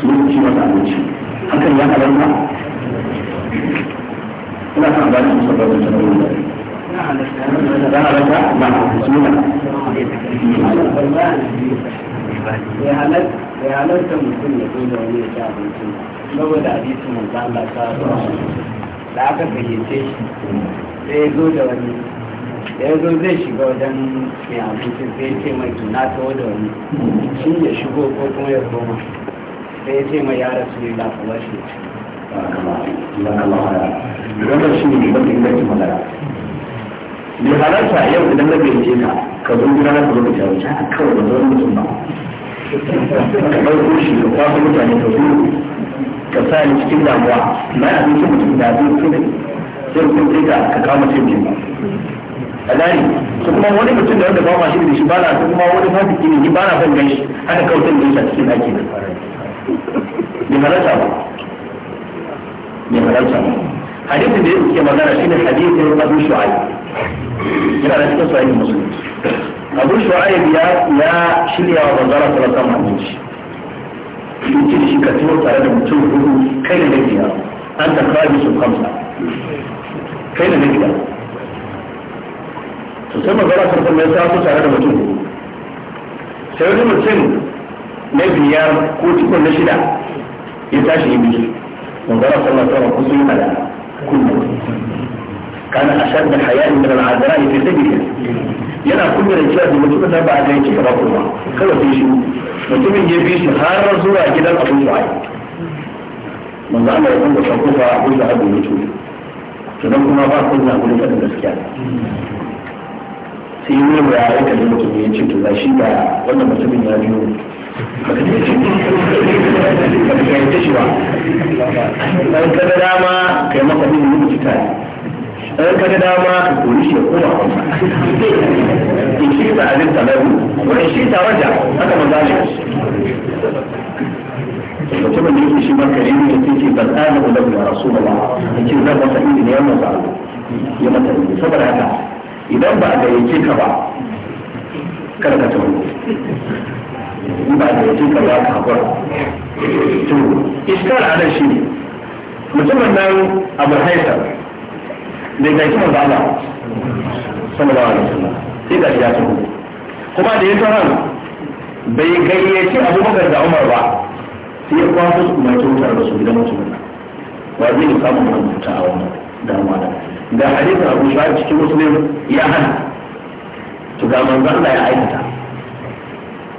sun ci masa abinci hakan ya halarta ina kan ba da musa ba da sanarwa da ya halarta ba a suna ya halarta mutum ya zo da wani ya ci abinci saboda hadisi manzo Allah ta da aka gayyace shi sai zo da wani ya zo zai shiga wajen mai abinci zai ce mai na ta wani shi ya shigo ko kuma ya koma sai ya ce mai ya rasu ne na kuma shi wannan shi ne mafi ingancin magana mai halarta yau idan na bai ka ka zo gida na kuma ka wuce haka kawai ba zo mutum ba ka ɗauko shi ka kwaso mutane ka zo ka sa ni cikin damuwa na abinci mutum da zai kuma sai kun sai ka ka kama ce ba a gani su kuma wani mutum da wanda ba ma shi ne shi ba na kuma wani fasiki ne ba na son gan shi haka kawai zan gan shi a cikin ɗaki da mai halarta ba mai halarta ba hadisin da ya suke magana shine hadisin abu shu'ayi yana da cikin sahih muslim abu shu'ayi ya ya shirya wa manzara sallallahu alaihi wasallam shi da shi ka tuwo tare da mutum hudu kai da nabiya an ta su kamsa kai da nabiya to sai manzara sallallahu alaihi wasallam ya sa tare da mutum sai wani mutum na biyar ko cikin na shida ya tashi ya biki manzara sallallahu alaihi wasallam kusa yana da kullu kana ashad da hayani min al'adara ya fi yana kullu da cewa mutum na ba a ga yake ba kuma kada sai shi mutumin ya bi shi har zuwa gidan Abu Sa'id manzo Allah ya kunga shakufa Abu Sa'id ya mutu to dan kuma ba kunna gurin fadin gaskiya sai yi wani wurare da mutum ya ce to ba shi da wannan mutumin ya biyo yanke shi ba ɗan kada dama kai yi maka bin yin kita ne ɗan kada dama ka kori shi ya koma kwanfa in shi ta abin ta talabu wani shi ta waja aka maza ne mutumin da yake shi maka ne ya ce ban ɗana ulabu ya rasu da ba ya ce zan masa iri ne ya masa ya mata ne saboda haka idan ba a gayyace ka ba kar ka tauri ba da yake ka za ka hakura to iskar a shi ne mutumin nan abu haifar da gaji manzo Allah da alaihi wasallam sai ga ya taho kuma da ya taho bai gayyaci Abubakar da Umar ba sai ya kwaso su mai tautar da su gidan mutumin nan wa zai samu mutum ta a wannan damuwa da hadisin Abu Shu'aib cikin musulun ya hana to ga manzo Allah ya aikata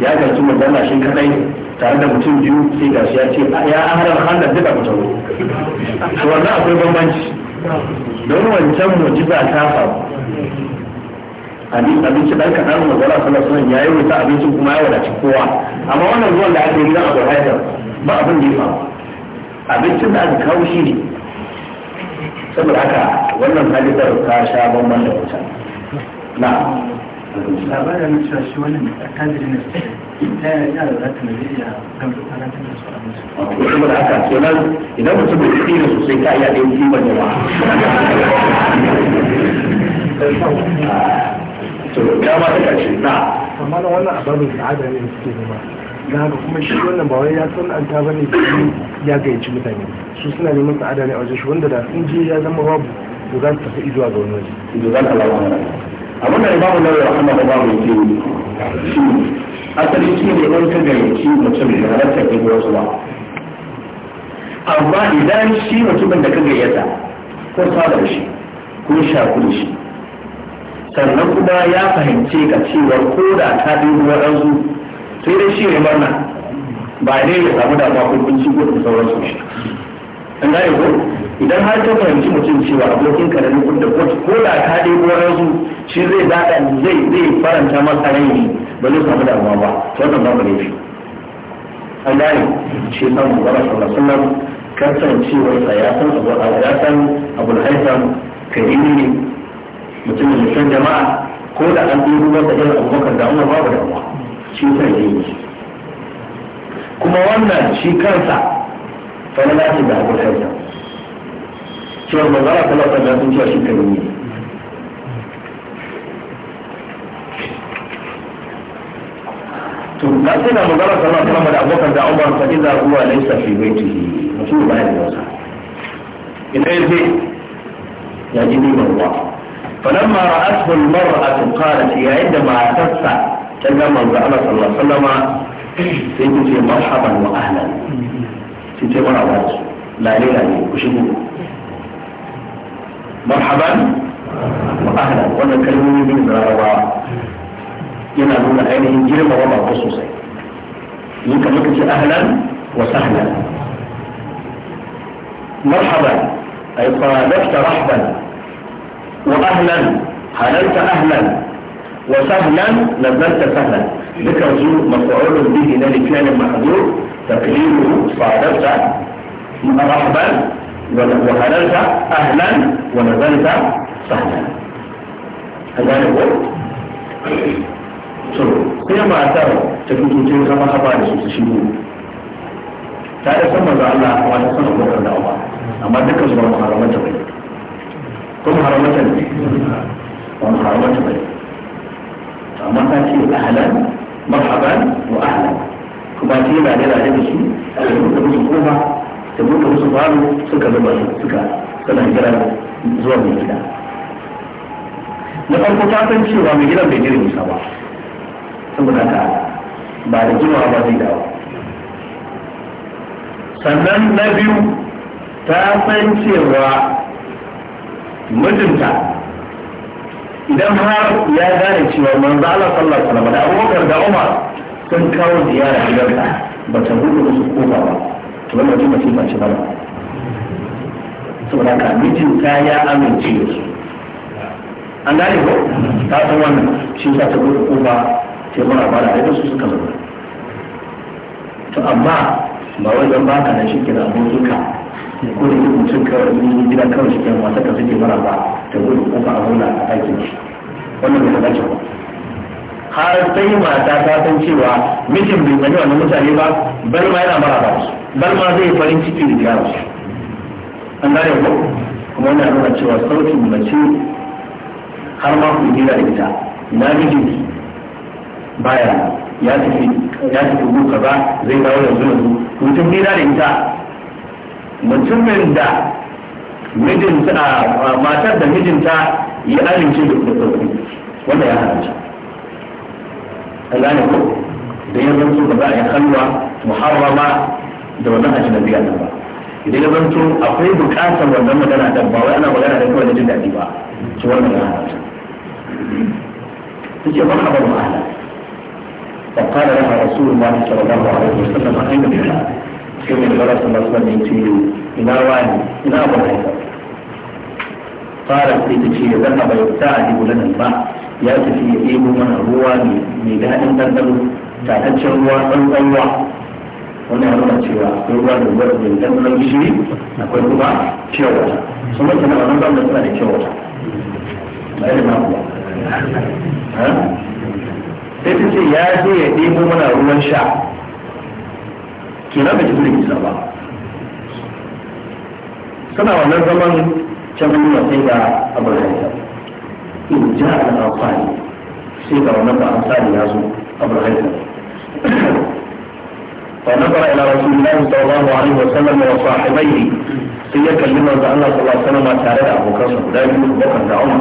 ya gaji magana shi kadai tare da mutum biyu sai ga ya ce ah, ya harar hannar duka mutum to wannan akwai bambanci don wancan mujiza ta faru abinci dan kaɗan manzala sallallahu alaihi ya yi wuta abincin kuma ya wadaci kowa amma wannan ruwan da aka yi gidan abu haidar ba abin da ya faru abincin da aka kawo shi ne saboda haka wannan halittar ta sha bambam da wuta na labarin cewa shi wannan kadirin na ta yi yara za ta nari ya gamsu karantar da su abinci. Kuma da aka haka kenan idan mutum bai tsira sosai ta iya ɗaya kiwon jama'a. To dama ta kace na. Kamar wannan ababin sa'ada ne suke nema. Na haka kuma shi wannan ba wai ya san an ta bane ya gayyaci mutane su suna neman sa'ada ne a wajen shi wanda da sun je ya zama babu to za su tafi izuwa ga wani waje. Izuwa ga wani waje. abin da imamu nawawi rahimahullah ya ce shi asali shi ne wani ka gayyaci mutum da halatta ke wasu ba amma idan shi mutumin da ka gayyata ko saba da shi ko shaku da shi sannan kuma ya fahimce ka cewa ko da ta dubu waɗansu sai dai shi ne murna ba dai ya samu damuwa ko kunci ko da sauransu shi an gane ko idan har ka fahimci mutum cewa abokin ka da nufin da kotu ko da ka dai goran su shi zai daɗa zai zai faranta masa rai ne ba zai samu damuwa ba to wannan babu laifi an gane shi san mu bara sallallahu alaihi wasallam kasancewar sa ya san abu ya san abu haifan karimi ne mutumin da san jama'a ko da an ruwa da irin abubakar da umar babu damuwa shi san yayi kuma wannan shi kansa fa na da abu haifan cewar manzara ta lafa da sun cewa shi kan yi to na sai na manzara ta lafa ta lafa da abokan da umar ta inda ruwa laisa fi baiti mutum ba ya da wasa ina ya ce ya ji ni ruwa فلما رأته المرأة قالت يا عندما تسع كما من صلى الله عليه وسلم سيكون مرحبا وأهلا سيكون مرحبا لا ليلة كشبه مرحبا واهلا وانا كلمني من الرابع ينا نقول الآن إنجيل وضع خصوصي يمكن لك أهلا وسهلا مرحبا أي صادفت رحبا وأهلا حللت أهلا وسهلا نزلت سهلا ذكر زو مفعول به لفعل محدود تقليله صادفت مرحبا وهللت أهلا ونزلت سهلا هذا هو sai matar ta fito ce zama haba da su su shigo ta da san manzo Allah kuma ta san abokan da Allah amma dukkan su ba muharramanta bane ko muharramanta ne ba muharramanta bane amma ta ce ahlan marhaban wa ahlan kuma ce yana da da su a cikin musu koma da muka musu baro suka zuba su suka suna jira zuwa mai gida na farko ta san cewa mai gidan bai jira nisa ba saboda haka ba da jimawa ba zai dawo sannan na biyu ta san cewa mijinta idan har ya gane cewa manzo Allah sallallahu alaihi wasallam da Abubakar da Umar sun kawo ziyara gidansa ba ta buɗe musu kofa ba to wannan jin ba shi ba saboda ka ya amince da su an gane ko ta san wannan shi sa ta gudu kuma mara da su suka to amma ba wai zan baka shi kira ko da mutum kawai ni gida kawai shi kira ka suke mara ba ta gudu kuma a zauna a ɗakin shi wannan bai dace ba har sai mata ta san cewa mijin bai gani wannan mutane ba bal ma yana mara ba bal ma zai farin ciki da jira su an gane ko kuma wannan nuna cewa sautin mace har ma ku gina da ita na mijin baya ya tafi ya tafi ku ba zai dawo yanzu yanzu mutum gina da ita mutumin da mijinta matar da mijinta ya amince da kuɗi wannan ya haramta a gane ko idan ya zanto ba za a yi halwa muharrama da wannan ajnabiya nan ba idan ya zanto akwai bukatar wannan magana da ba wai ana magana da kawai da jin daɗi ba ci wannan ya hana ta ce ban haɓar ma'ana فقال لها رسول الله صلى الله عليه وسلم أين بها؟ كما قال صلى الله عليه وسلم إلى واني إلى أبو قالت لي تشير ذهب يستعجب لنا الماء ya tafi ya ɗebo mana ruwa mai daɗin ɗanɗano tataccen ruwa ɗan ruwa wannan ya cewa akwai ruwa da ruwa da ɗanɗanon gishiri akwai kuma kyau wata sun mace na wannan zamanda suna da kyau wata ba da ba sai ta ce ya je ya ɗebo mana ruwan sha kenan bai tafi da nisa ba suna wannan zaman can nuna sai ga abu da in ja al ansari sai ga wannan ba ansari ya zo abu haifar فنظر إلى رسول الله صلى الله عليه وسلم وصاحبيه لما عن الله صلى الله عليه وسلم تعالى أبو كسر لا يقول بكر عمر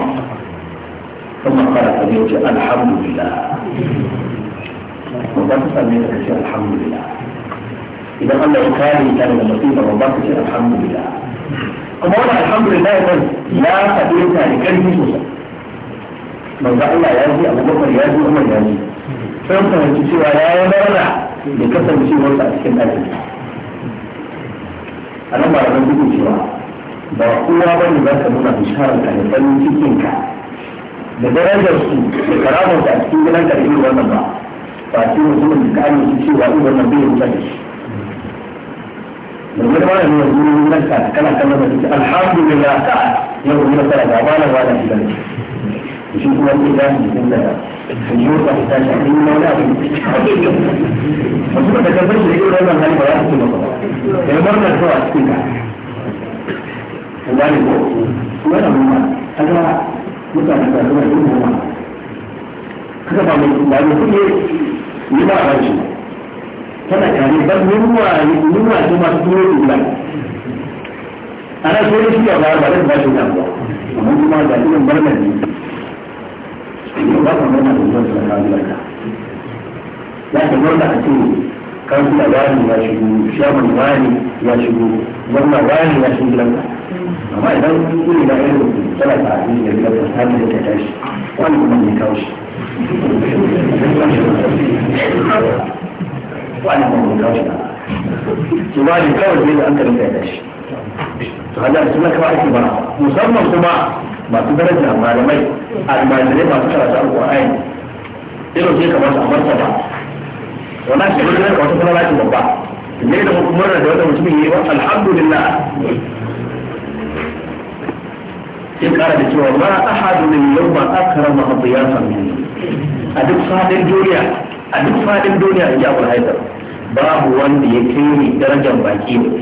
ثم قال خديج الحمد لله وبعد سألني الحمد لله إذا قال إنكاري كان المصيبة وبعد الحمد لله أما الحمد لله لا تدرك لكلمة manzo Allah ya ji Abu Bakar ya ji Umar ya ji sai mun fahimci cewa ya yi barna da kasancewar sa a cikin ɗakin a nan ba da duk cewa ba kowa ba za ka nuna bisharar ka da cikin ka da darajar su da karamar ka a cikin gidan ka irin wannan ba ba ce mutumin da ka amince cewa irin wannan bai wuta da shi domin wani ne nan ka kana kallon da alhamdulillah yau ne ka da malam wani gidan shi kuma ke da shi sun da sun yi wata ta shi sun ma da abin wasu ba da karfar shi da yau rayuwar hali ba za su ce maka ba da ya bar kawai a cikin ka ta gane ko su yana ta kaga mutane da kuma yin noma kaga ba mai ba mai kuɗi ne ba a rashi tana kare ba nuna nuna ce masu tuwo da ana so ne shi ya ba ba zai ba shi da ba amma kuma ga irin barnar ne wannan yana da zuwan sun kawo barka ya ta gwamna a ce kansula wani ya shigo shaman wani ya shigo gwamna wani ya shigo gidanka amma idan kuri na irin tana ta abin da gidanka ta hanyar da ta tashi wani kuma ne kawo shi wani kuma ne kawo shi su ba ne kawai da an karanta ya tashi to hada suna kawai ake bara musamman kuma masu daraja malamai almajirai masu karatu alƙur'ani irin sai kamata amarta ba wannan shi ne kamata kuma lati babba ne da hukumar da wannan mutumin yi wa alhamdulillah sai kara da cewa ma ahadu min yawma akrama hadiyatan minni a duk fadin duniya a duk fadin duniya in ji abul haidar babu wanda ya kai ni darajar baki ne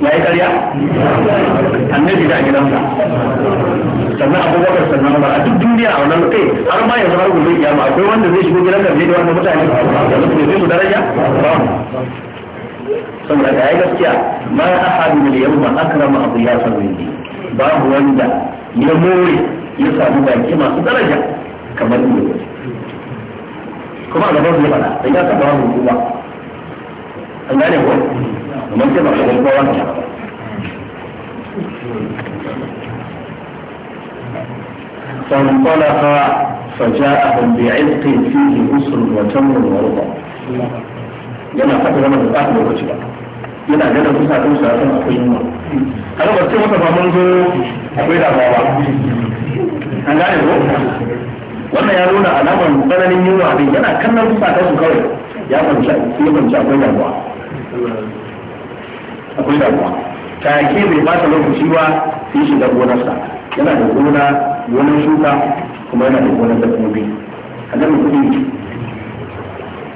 ya yi karya annabi da sa. sannan abubakar sannan ba a duk duniya a wannan kai har ma yanzu har gobe kiyama akwai wanda zai shigo gidan karfe da wannan mutane da zai su daraja ba saboda ga yi gaskiya ma ya ahadu min yawma akrama adiyatan minni babu wanda ya more ya samu baki masu daraja kamar ni kuma a gaban zai fada dan ya saba wa hukuma an gane ko ومن كما قلت وانت فانطلق فجاءهم بعلق فيه أسر وتمر ورضا yana fata zama da tsaka lokaci ba yana ganin kusa kan sa kan akwai yunwa kada ba sai maka mun zo akwai da ba an gane ko wannan ya nuna alamar tsananin yunwa din yana kallon kusa kan su kawai ya fahimci akwai damuwa akwai damuwa take bai ba ta lokaci ba sai shiga gonarsa yana da gona gonar shuka kuma yana da gonar dabbobi a nan kuɗi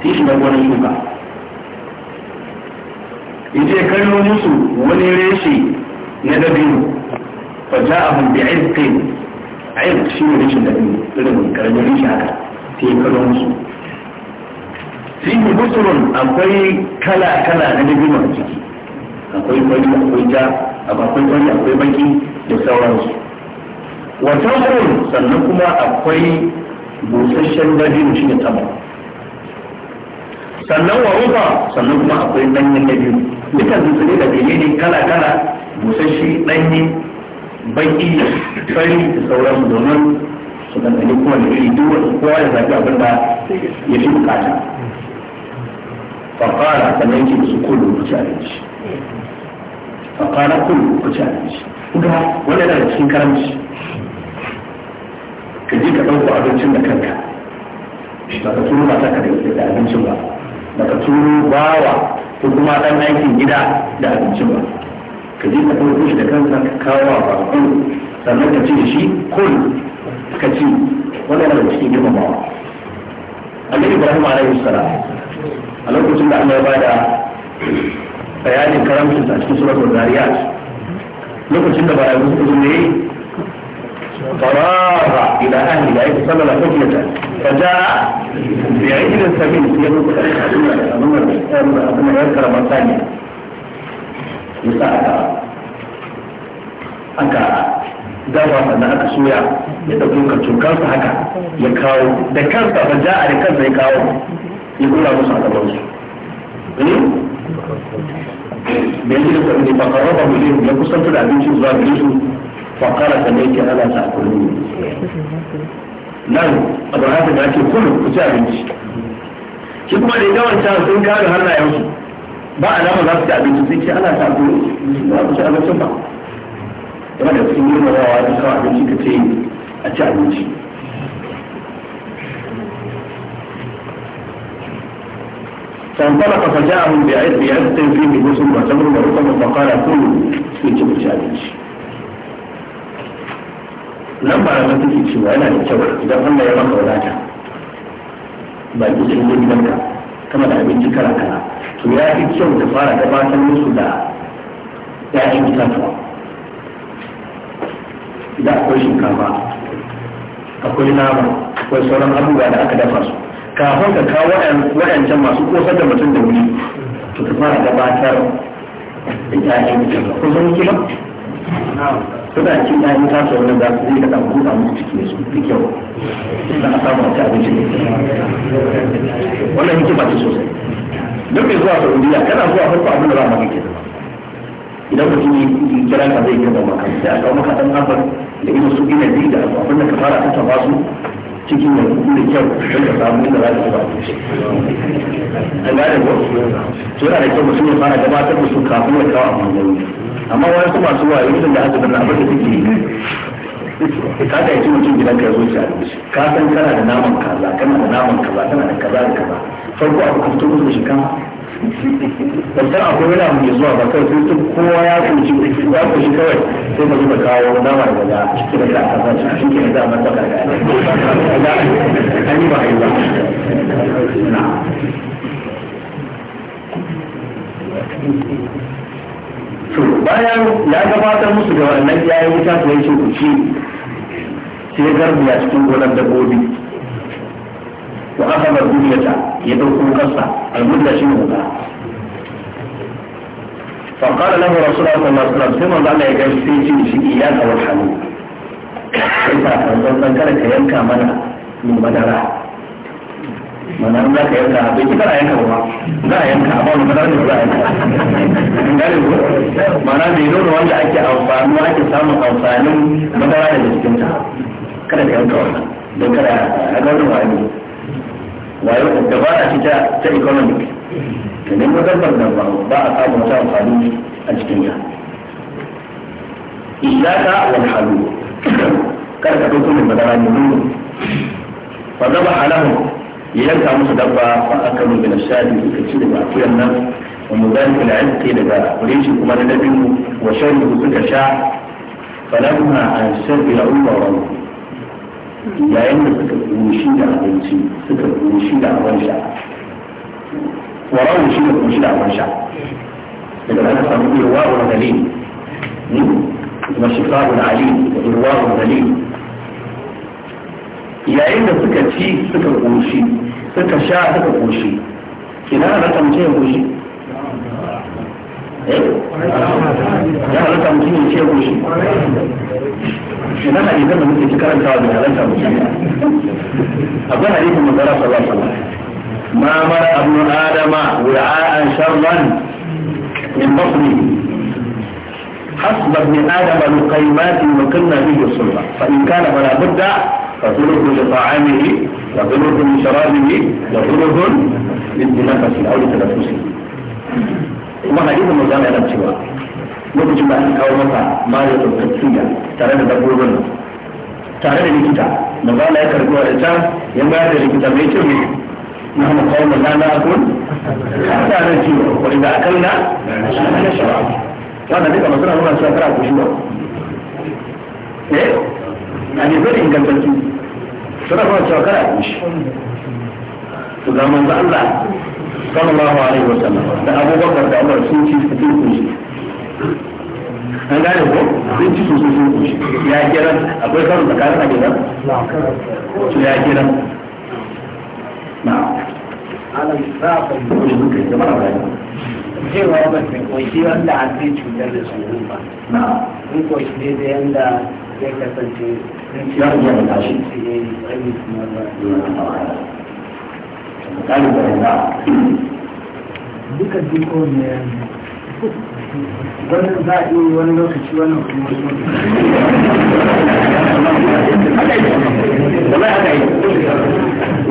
sai shiga gonar shuka yace kallo musu wani reshe na dabino fa ja'ahum a ayyuk shi ne reshe dabino irin karamin reshe haka sai kallo musu fihi busurun akwai kala-kala na dabino a ciki akwai wani akwai ja akwai wani akwai baki da sauransu wa tamrun sannan kuma akwai busasshen dabino shi ne tamar sannan wa rufa sannan kuma akwai danyen dabino dukkan su ne da ne kala kala busasshe banki, baki fari da sauransu domin su ɗanɗani kuma da iri duk wani kowa ya zafi abin da ya fi bukata fafara sannan ki su kudu ci abinci fakara kun ku ci abinci ga wani yana da cikin karamci ka je ka ɗauko abincin da kanka ba ka turo ba ta ka da abincin ba ba ka turo bawa ko kuma ɗan aikin gida da abincin ba ka je ka ɗauko shi da kanka ka kawo wa bako sannan ka ci da shi kun ka ci wani yana cikin girmamawa annabi ibrahim alaihi salam a lokacin da Allah ya bada bayanin karamcin a cikin suratul zariyat lokacin da bayan suka zo ne farara ila ahli da yake sama da hujjata faja bi aidin sabil ya rubuta kalma da amma da da ya karama sani yasa aka aka dawa sannan aka soya ya ɗauki kancin kansa haka ya kawo da kansa ba a da kansa ya kawo ya kula musu a gabansu hmm? da yake da ne ba kawo ba mu ya kusanta da abincin zuwa gare su fa kara ta ne ke ana ta kullu nan abu haka da ake kullu ku ci abinci shi kuma da yawan ta sun kare hannayen su ba alama za su ci abinci sai ce ana ta kullu ba ku ci abincin ba yana da cikin yin rawa da abinci ka ce a ci abinci فانطلق فجاءهم بعد بعد فيه جزء وتمر ورقم فقال كلوا في جبل abinci. nan ba da take cewa yana da kyau idan Allah ya maka wadata ba ki sai da ka kama da abinci kala kala to ya fi kyau ta fara gabatar musu da ya'yan itatuwa idan akwai shinkafa akwai nama akwai sauran abubuwa da aka dafa su kafin ka kawo waɗancan masu kosar da mutum da wuri to ka fara gabatar da ƴaƴan mutum kun san kila suna cin ƴaƴan kasa wanda za su zai ka ɗan buɗa musu ciki su fi kyau za a samu wata abinci ne wannan hikima ce sosai don mai zuwa saudiya kana zuwa farko abin da za a maka ke idan mutum ya kira ka zai girma maka sai a kawo maka ɗan abin da irin su gina biyu da abin da ka fara tattaba su ciki da da kyau don ka samu da za ka ba an gane ko to yana da kyau mutum ya fara gabatar da su kafin ya kawo amma nauyi amma wani su masu wayo da aka bana abin da take yi ka yi yace mutum gidan ka zo ci abinci ka san kana da naman kaza kana da naman kaza kana da kaza da kaza farko abu ka fito musu da shi kan babban akwai wani abu mai zuwa ba kai sun kowa ya kunci ya kunci kawai sai ka zuba kawo nama da gaza cikin da ka kasa shi ke da masa kaga an yi ba a yi ba na to bayan ya gabatar musu da wannan yayin wuta su yi shi kuci sai garbiya cikin gonar dabbobi wa aka bar duniyata ya dauko kansa almudda shi ne wuta fa qala lahu rasulullahi sallallahu alaihi wasallam sai manzo Allah ya gaishe sai ce shi iyaka wal halu sai ka san san kada ka yanka mana min madara mana za ka yanka bai ki kana yanka ba za a yanka amma mun madara ne za a yanka gane ko mana mai nuna wanda ake amfani ake samun amfanin madara da cikin ta kada ka yanka wannan don kada a ga wani wayo dabara ce ta ta economic to ne mutabbar da ba ba a samu wata amfani a cikin ta iyaka wal halu kar ka dauko min madara ne dole fa zaba halahu ya yanka musu dabba fa aka min bin shadi ka ci da akuyan nan wa mudalik al azqi daga kureshi kuma da dabin wa sharibu suka sha falamma an sharibu la umma wa yayin da suka kunshi da abinci suka kunshi da ruwan sha warawun shi da kunshi da ruwan sha daga nan samu irwa wa dalil kuma shifa'ul alim da irwa wa dalil yayin da suka ci suka kunshi suka sha suka kunshi kina na tamce ya kunshi eh? ya halatta mutum ya ce kunshi shi na hadisan da muke karanta da halarta mu shari'a akwai hadisin manzara sallallahu alaihi wasallam ma mara abnu adama wa'an sharran min حسب ابن ادم القيمات وقلنا به الصلبه فان كان فلا بد فظلوه لطعامه وظلوه لشرابه وظلوه لانتنافسه او لتنفسه وما حديث المزارع نفسه lokacin da aka kawo masa mara tsofaffiya tare da dabbobin tare da likita da bala ya karbi wa ita ya bayar da likita mai ce mai na hana kawo mai na akun a tsarin ciwo wani da akal na shi shawa wanda duka masu nuna shekara ko shi ba eh a ne da ingantacci suna kuma shekara ko shi su ga Allah sallallahu alaihi wasallam da abubakar da Umar sun ci su ci an gane ko sun ci sosai sun kushi ya kiran akwai karin tsakanin a gidan su ya kiran na alam za a fahimci da kai kamar a bayan cewa ba ta koshi wanda a zai cutar da su ba na in koshi ne da yanda ya kasance ya iya da duka duk ne wannan za a iya wani lokaci wannan kuma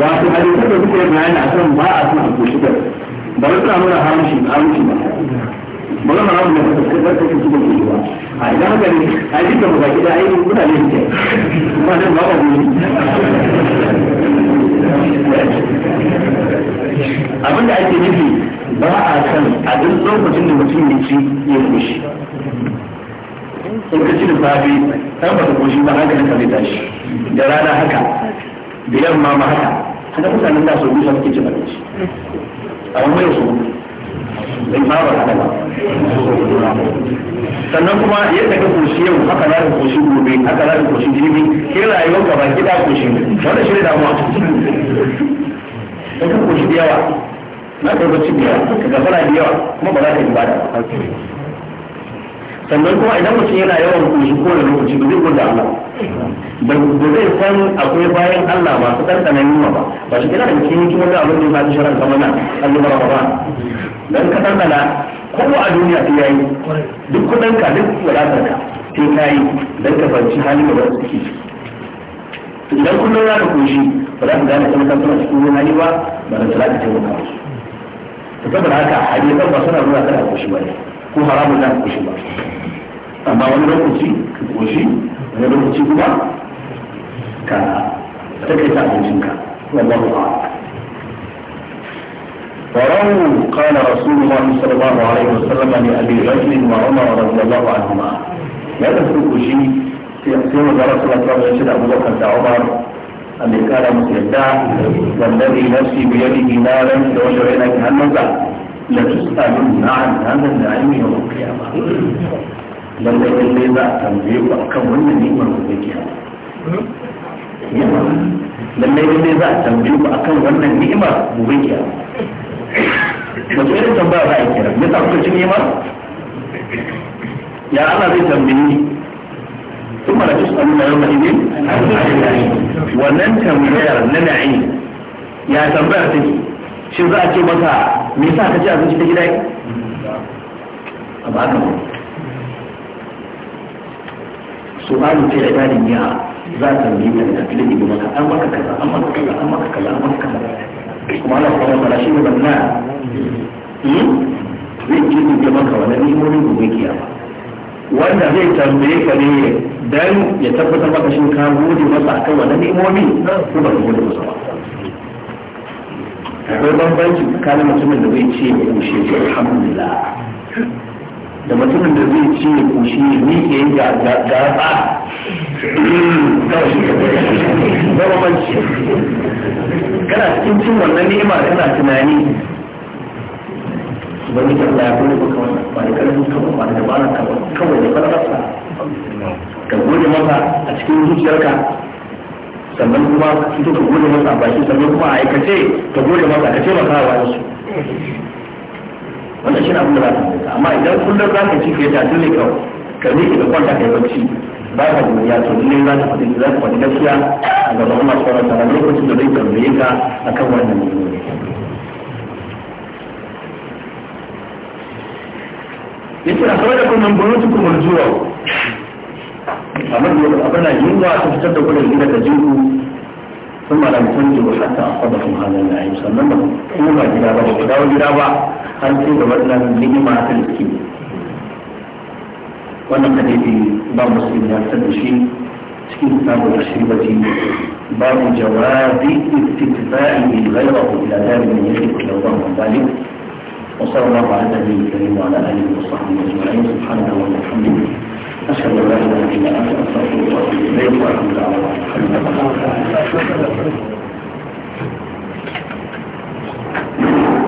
wato halittar da suke bayani a kan ba a suna ko shigar ba wani suna nuna wani haramci ba ba zama ramu da suka kasar da suke ke ba a idan haka ne a yi duka mutane da ainihin mutane suke kuma nan ba ba ne abinda ake nufi ba a kan a duk lokacin da mutum ya ci ya kushi in ka ci da safe kan ba ka kushi ba haka da zai tashi da rana haka da yamma ma haka haka mutanen da su bisa suke cin abinci a wani yau su bai fara haka ba sannan kuma yadda ka koshi yau haka za ka koshi gobe haka za ka koshi jibi ke rayuwar ka ba gida koshi wanda shi ne damuwa in ka koshi da yawa na kai bacci da ka gafara da yawa kuma ba za ka yi ibada sannan kuma idan mutum yana yawan kushi ko da lokaci ba zai gunda Allah ba zai san akwai bayan Allah ba su ɗanɗanan yunwa ba ba shi kira da cikin kuma da abin da ya faɗi shirin kamar nan allubar ba ba dan ka ɗanɗana ko a duniya sai yayi duk kuɗin ka duk wadatar ka sai ka yi dan ka fahimci halin da ba su ciki idan kullum za ka koshi ba za ka gane kuma kan suna cikin wani hali ba ba da za ka taimaka musu saboda haka hadisan ba suna nuna kana koshi ba ne ko haramun na koshi ba amma wani lokaci ka koshi wani lokaci kuma ka takaita abincinka wallahu a'lam وروا قال رسول الله صلى الله عليه وسلم لأبي بكر وعمر رضي الله عنهما لا تتركوا شيء في أقسام رسول الله صلى الله عليه وسلم أبو بكر وعمر Allah ya kara musu yadda wallahi nafsi bi na naran da wanda yana ki hannunsa la tusalun na'an nan da ayyuka yau kiyama lalle lalle za a tambaye ku a kan wannan ni'imar da kake yawa lalle lalle za a tambaye ku a kan wannan ni'imar gobe kiyama wato irin tambaya za a yi kira me sa kuka ci ni'imar ya Allah zai tambaye ni ثم لا تسألون يومئذ عن النعيم wannan tambayar na na'i ya tambayar take shin za a ce masa me yasa ka ci abinci ta gida a ba ka su su'alu ta da dalin ya za ta tambaye ka da filin ibi maka an maka kaza an maka kaza an maka kaza an maka kaza kuma Allah kuma mala shi ne banna zai ji maka wannan ni'imomin gobe kiyama wanda zai tambaye ka ne dan ya tabbatar maka shin ka gode masa akan wannan nimomi ko ba ka gode masa ba akwai bambanci tsakanin mutumin da zai ce kushe alhamdulillah da mutumin da zai ce kushe ni ke yi ga gaba bambanci kana cikin cin wannan ni'ima kana tunani wani da Allah ya gode maka wannan ba da karfin ka ba da dabara ka ba kawai da farfarsa ka gode masa a cikin zuciyarka sannan kuma fito ka gode masa a baki sannan kuma a aikace ka gode masa ka ce maka wa su wannan shi na abin da za ka amma idan kullum za ka ci ka yi tafi ne kawai ka miƙe ka kwanta ka yi bacci ba ka ya to ne za ka faɗi za ka faɗi gaskiya a gaban Allah subhanahu wa ta'ala lokacin da zai tambaye ka akan wannan mutum yace a kawai da kuma buru su kuma zuwa amma da abin da yunwa ta fitar da kudin gina da jinku sun ma lam tunjibu hatta aqada kuma hadha al-ayyi sannan ba kuma ba gida ba da dawo gida ba har sai da wannan ni'ima ta liki wannan hadisi ba muslim ya da shi cikin da shi kitabu ashirati babu jawazi istitba'i ghayrihi ila dalil min yadi kullu wa dhalik وصلى الله على النبي الكريم وعلى اله وصحبه اجمعين سبحانه وبحمده اشهد ان لا اله الا انت استغفرك واتوب اليك والحمد لله رب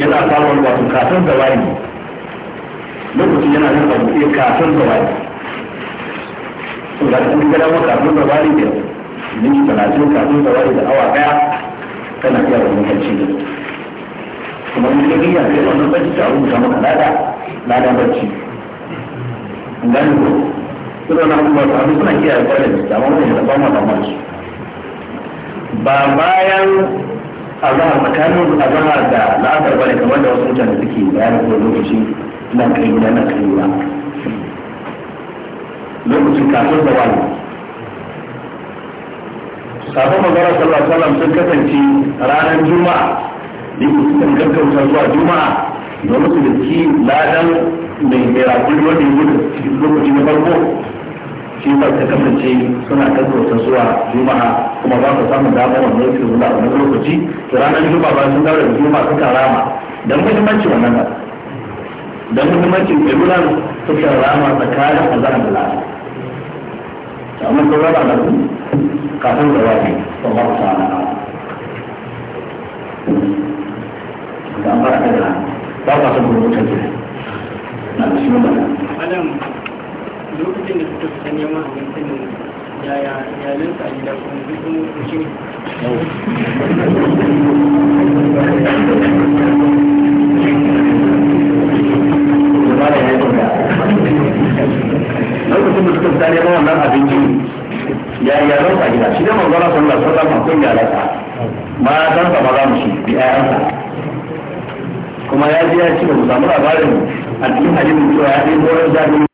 yana samun wato katon da wani lokacin yana yin abu iya katon da wani to da kuma gada wa katon da wani da minti talatin katon da wani da awa daya kana iya wani kanci da kuma in kai ya kai wannan bacci ta abu maka lada lada bacci ngani ko suna na kuma ta abin suna kiyaye kwarin da amma wani da ba ma da ba bayan A azahar tsakanin zama da la'asar bane kamar da wasu mutane suke bayanin ko lokaci na kai na nan kai ba lokacin kafin da wani sabon magana sallallahu alaihi wasallam sun kasance ranar juma'a duk sun gaggauta zuwa juma'a domin su da ki ladan mai mai rakuri wanda ya gudu cikin lokaci na farko shi ba ta kasance suna gaggauta zuwa juma'a kuma ba su samun damar wanda yake zuwa a wani lokaci to ranar juma'a ba sun daura da juma'a suka rama don muhimmanci wannan ba don muhimmanci ƙirular suka rama tsakanin azan da lafi amma ko raba da su kafin da wafi ba ba su ana da an fara da ba ba su gurbin mutunci na da shi ba. lokacin da suka fita neman abincin yaya iyalin sa gida kuma duk sun mutu shi lokacin da suka fita neman wannan abinci ya iyalan sa gida shi da manzara sallallahu alaihi wasallam akwai iyalan sa matan sa ba za mu shi iyalan sa kuma ya je ya ci ba mu samu labarin a cikin hadisin cewa ya ɗebo wani jami'in